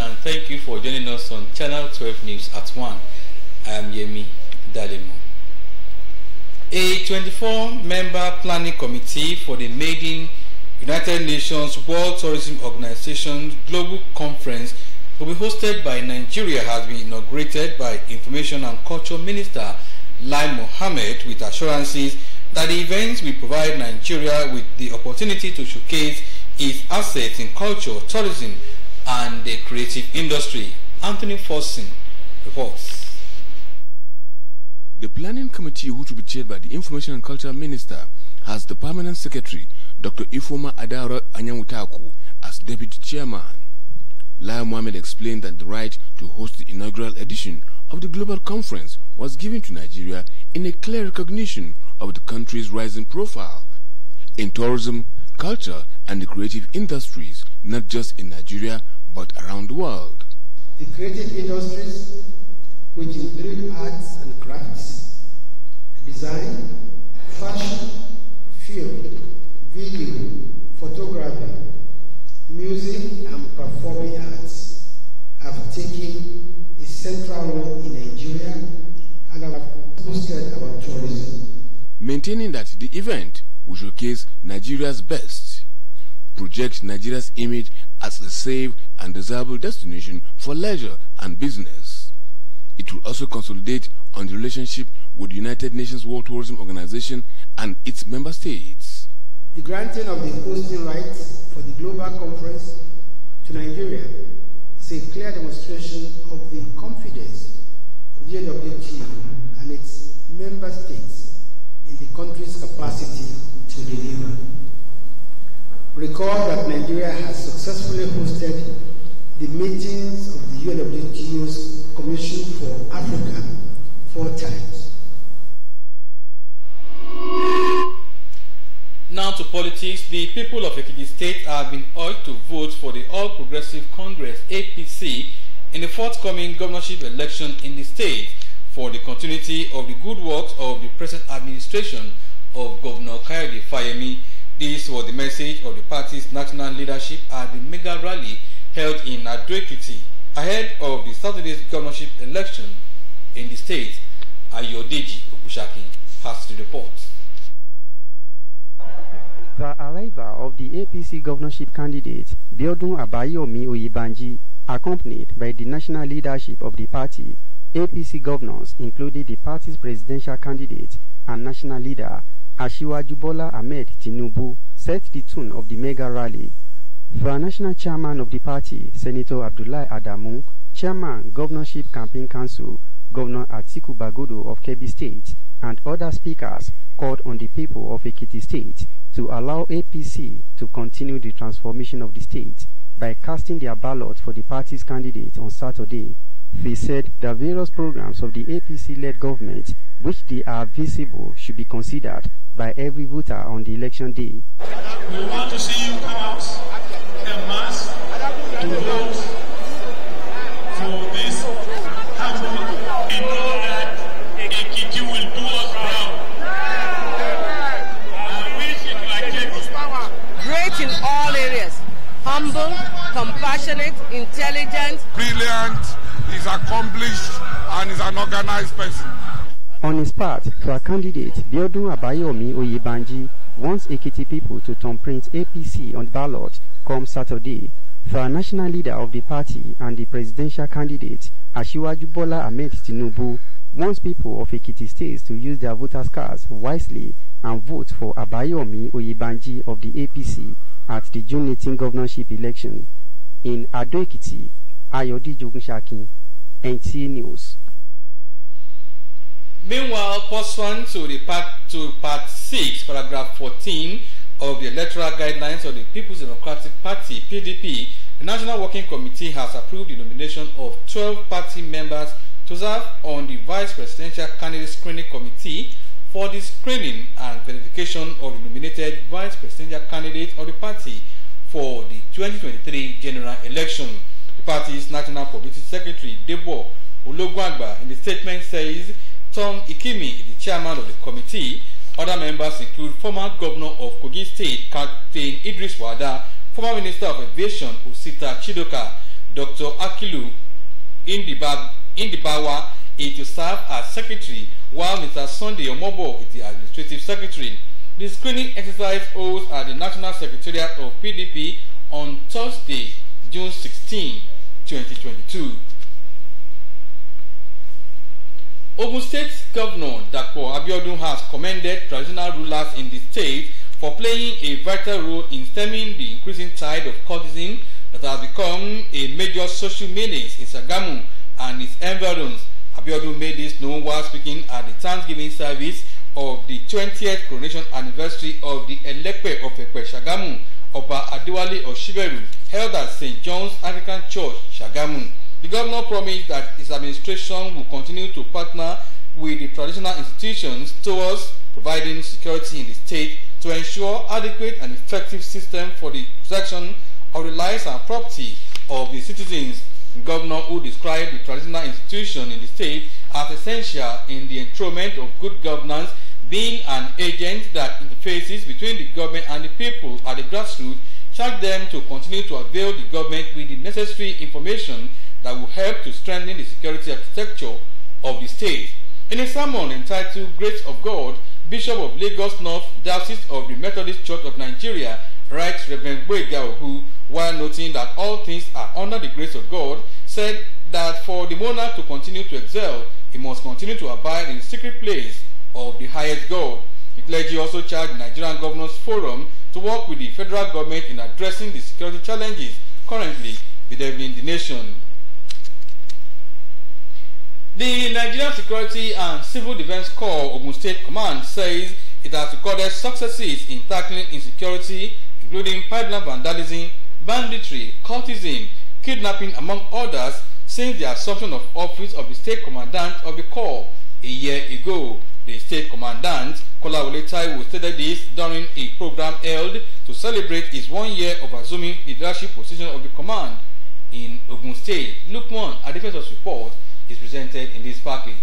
and thank you for joining us on Channel 12 News at 1. I am Yemi Dalemo. A 24-member planning committee for the maiden United Nations World Tourism Organization Global Conference will be hosted by Nigeria has been inaugurated by Information and Culture Minister Lai Mohammed with assurances that the events will provide Nigeria with the opportunity to showcase its assets in culture, tourism, and the creative industry. Anthony Forson reports. The planning committee, which will be chaired by the Information and Culture Minister, has the permanent secretary, Dr. Ifoma Adara Anyamutaku, as deputy chairman. Lai Mohammed explained that the right to host the inaugural edition of the global conference was given to Nigeria in a clear recognition of the country's rising profile in tourism, culture, and the creative industries not just in Nigeria, but around the world. The creative industries, which include arts and crafts, design, fashion, film, video, photography, music, and performing arts, have taken a central role in Nigeria and have boosted our tourism. Maintaining that the event will showcase Nigeria's best projects Nigeria's image as a safe and desirable destination for leisure and business. It will also consolidate on the relationship with the United Nations World Tourism Organization and its member states. The granting of the hosting rights for the global conference to Nigeria is a clear demonstration of the confidence of the NWTO recall that Nigeria has successfully hosted the meetings of the UNWTO's Commission for Africa four times. Now to politics. The people of Ekiti State have been urged to vote for the All Progressive Congress APC in the forthcoming governorship election in the state for the continuity of the good works of the present administration of Governor Kayode Fayemi This was the message of the party's national leadership at the mega rally held in Adoekiti ahead of the Saturday's governorship election in the state. Ayodeji Obushaki has the report. The arrival of the APC governorship candidate Biodun Abayomi Oyibanji, accompanied by the national leadership of the party, APC governors included the party's presidential candidate and national leader Ashiwaju Bola Ahmed Tinubu set the tone of the mega rally. The national chairman of the party, Senator Abdullahi Adamu, chairman Governorship Campaign Council, Governor Atiku Bagudu of Kebbi State, and other speakers called on the people of Ekiti State to allow APC to continue the transformation of the state by casting their ballot for the party's candidate on Saturday, they said that various programs of the APC-led government, which they are visible, should be considered by every voter on the election day. We want to see you come out en masse to vote for this humble and know that Ekiti will do us proud. I wish it like it. Great in all areas, humble, compassionate, intelligent, brilliant, is accomplished and is an organized person. On his part, to our candidate Biodun Abayomi Oyebanji wants Ekiti people to turn print APC on the ballot come Saturday for our national leader of the party and the presidential candidate Ashiwaju Bola Ahmed Tinubu wants people of Ekiti states to use their voters cards wisely and vote for Abayomi Oyebanji of the APC at the June 18 governorship election in Ado Ekiti, Ayodiji Ogunshakin NT News. Meanwhile, pursuant to the part to part six, paragraph fourteen of the electoral guidelines of the People's Democratic Party (PDP), the National Working Committee has approved the nomination of twelve party members to serve on the Vice Presidential Candidate Screening Committee for the screening and verification of the nominated vice presidential candidate of the party for the 2023 general election party's national publicity secretary Debo Ologwangba in the statement says Tom Ikimi is the chairman of the committee. Other members include former governor of Kogi State, Captain Idris Wada, former minister of aviation Usita Chidoka, Dr. Akilu Indibab, Indibawa is to serve as secretary while Mr. Sunday Omobo is the administrative secretary. The screening exercise holds at the National Secretariat of PDP on Thursday, June 16, 2022. Ogun State Governor Dapo Abiodun has commended traditional rulers in the state for playing a vital role in stemming the increasing tide of cultism that has become a major social menace in Sagamu and its environs. Abiodun made this known while speaking at the Thanksgiving service of the 20th coronation anniversary of the Elepe of Epe Sagamu Oba Adewale Oshiberu, held at St. John's African Church, Shagamu. The governor promised that his administration will continue to partner with the traditional institutions towards providing security in the state to ensure adequate and effective system for the protection of the lives and property of the citizens. The governor who described the traditional institution in the state as essential in the enthronement of good governance being an agent that interfaces between the government and the people at the grassroots, charge them to continue to avail the government with the necessary information that will help to strengthen the security architecture of the state. In a sermon entitled Grace of God, Bishop of Lagos North, Diocese of the Methodist Church of Nigeria, writes Reverend Boyga who, while noting that all things are under the grace of God, said that for the monarch to continue to excel, he must continue to abide in the secret place of the highest goal. The clergy also charged Nigerian Governors Forum to work with the federal government in addressing the security challenges currently bedeviling the nation. The Nigerian Security and Civil Defense Corps Ogun State Command says it has recorded successes in tackling insecurity, including pipeline vandalism, banditry, cultism, kidnapping, among others, since the assumption of office of the state commandant of the Corps a year ago. The state commandant, Kolawole Taiwo, stated this during a program held to celebrate his one year of assuming the leadership position of the command in Ogun State. Look one, a defensive report is presented in this package.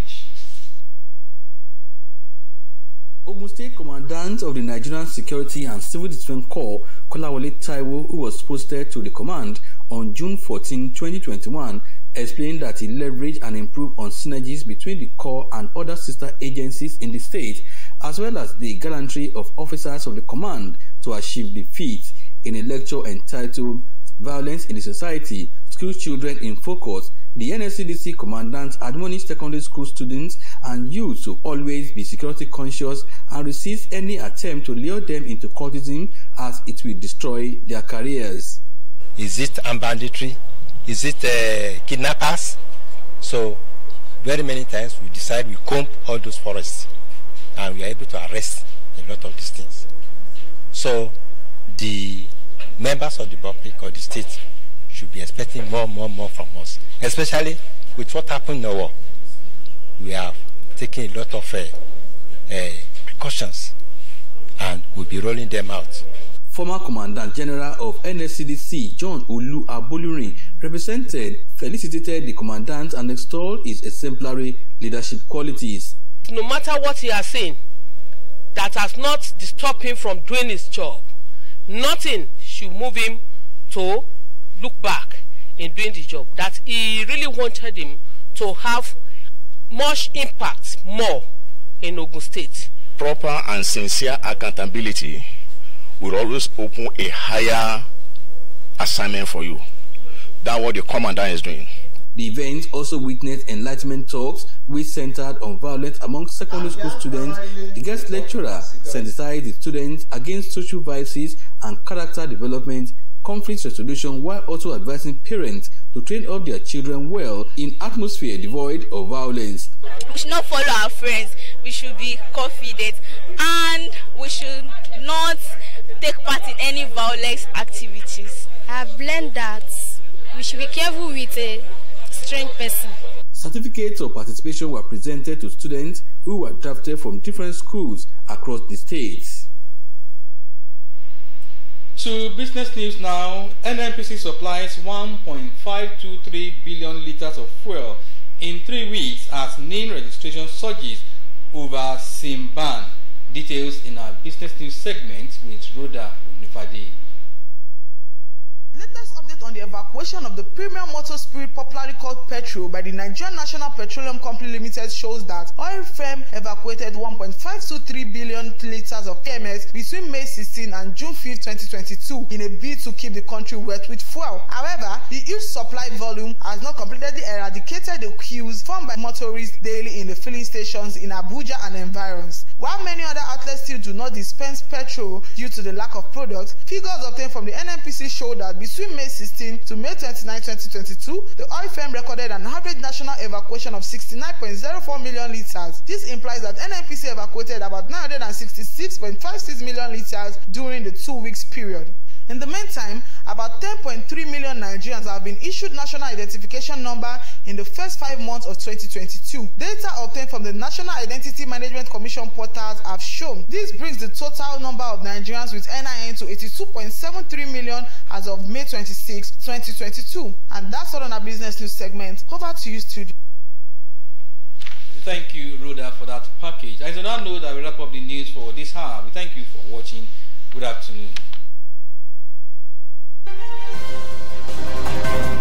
Ogun State Commandant of the Nigerian Security and Civil Defense Corps, Kolawole Taiwo, who was posted to the command on June 14, 2021, explained that he leveraged and improved on synergies between the Corps and other sister agencies in the state, as well as the gallantry of officers of the command to achieve the feat in a lecture entitled Violence in the Society, School Children in Focus, the NSCDC commandant admonished secondary school students and youth to always be security conscious and resist any attempt to lure them into cultism as it will destroy their careers. Is it banditry? is it uh, kidnappers? So very many times we decide we comb all those forests and we are able to arrest a lot of these things. So the members of the public or the state should be expecting more, more, more from us, especially with what happened in the war. We have taken a lot of uh, uh, precautions and we'll be rolling them out. Former Commandant General of NSCDC John Ulu Abolurin represented, felicitated the commandant and extolled his exemplary leadership qualities. No matter what he has seen, that has not disturbed him from doing his job. Nothing should move him to look back in doing the job. That he really wanted him to have much impact more in Ogun State. Proper and sincere accountability will always open a higher assignment for you. than what the commander is doing. The event also witnessed enlightenment talks which centered on violence among secondary school students. The guest lecturer sensitized the students against social vices and character development, conflict resolution while also advising parents to train up their children well in atmosphere devoid of violence. We should not follow our friends. We should be confident and we should not take part in any violent activities. I have learned that we should be careful with a strange person. Certificates of participation were presented to students who were drafted from different schools across the states. To business news now, NNPC supplies 1.523 billion liters of fuel in three weeks as name registration surges over Simban. Details in our business news segment with Rhoda Onifade. Latest on the evacuation of the premium motor spirit popularly called petrol by the Nigerian National Petroleum Company Limited shows that oil firm evacuated 1.523 billion litres of PMS between May 16 and June 5, 2022 in a bid to keep the country wet with fuel. However, the huge supply volume has not completely eradicated the queues formed by motorists daily in the filling stations in Abuja and environs. While many other outlets still do not dispense petrol due to the lack of products, figures obtained from the NNPC show that between May 16 2016 to May 29, 2022, the oil recorded an average national evacuation of 69.04 million liters. This implies that NNPC evacuated about 966.56 million liters during the two weeks period. In the meantime, about 10.3 million Nigerians have been issued national identification number in the first five months of 2022. Data obtained from the National Identity Management Commission portals have shown this brings the total number of Nigerians with NIN to 82.73 million as of May 26, 2022. And that's all on our business news segment. Over to you, studio. Thank you, Rhoda, for that package. I do not know that we wrap up the news for this hour. We thank you for watching. Good afternoon. Thank you.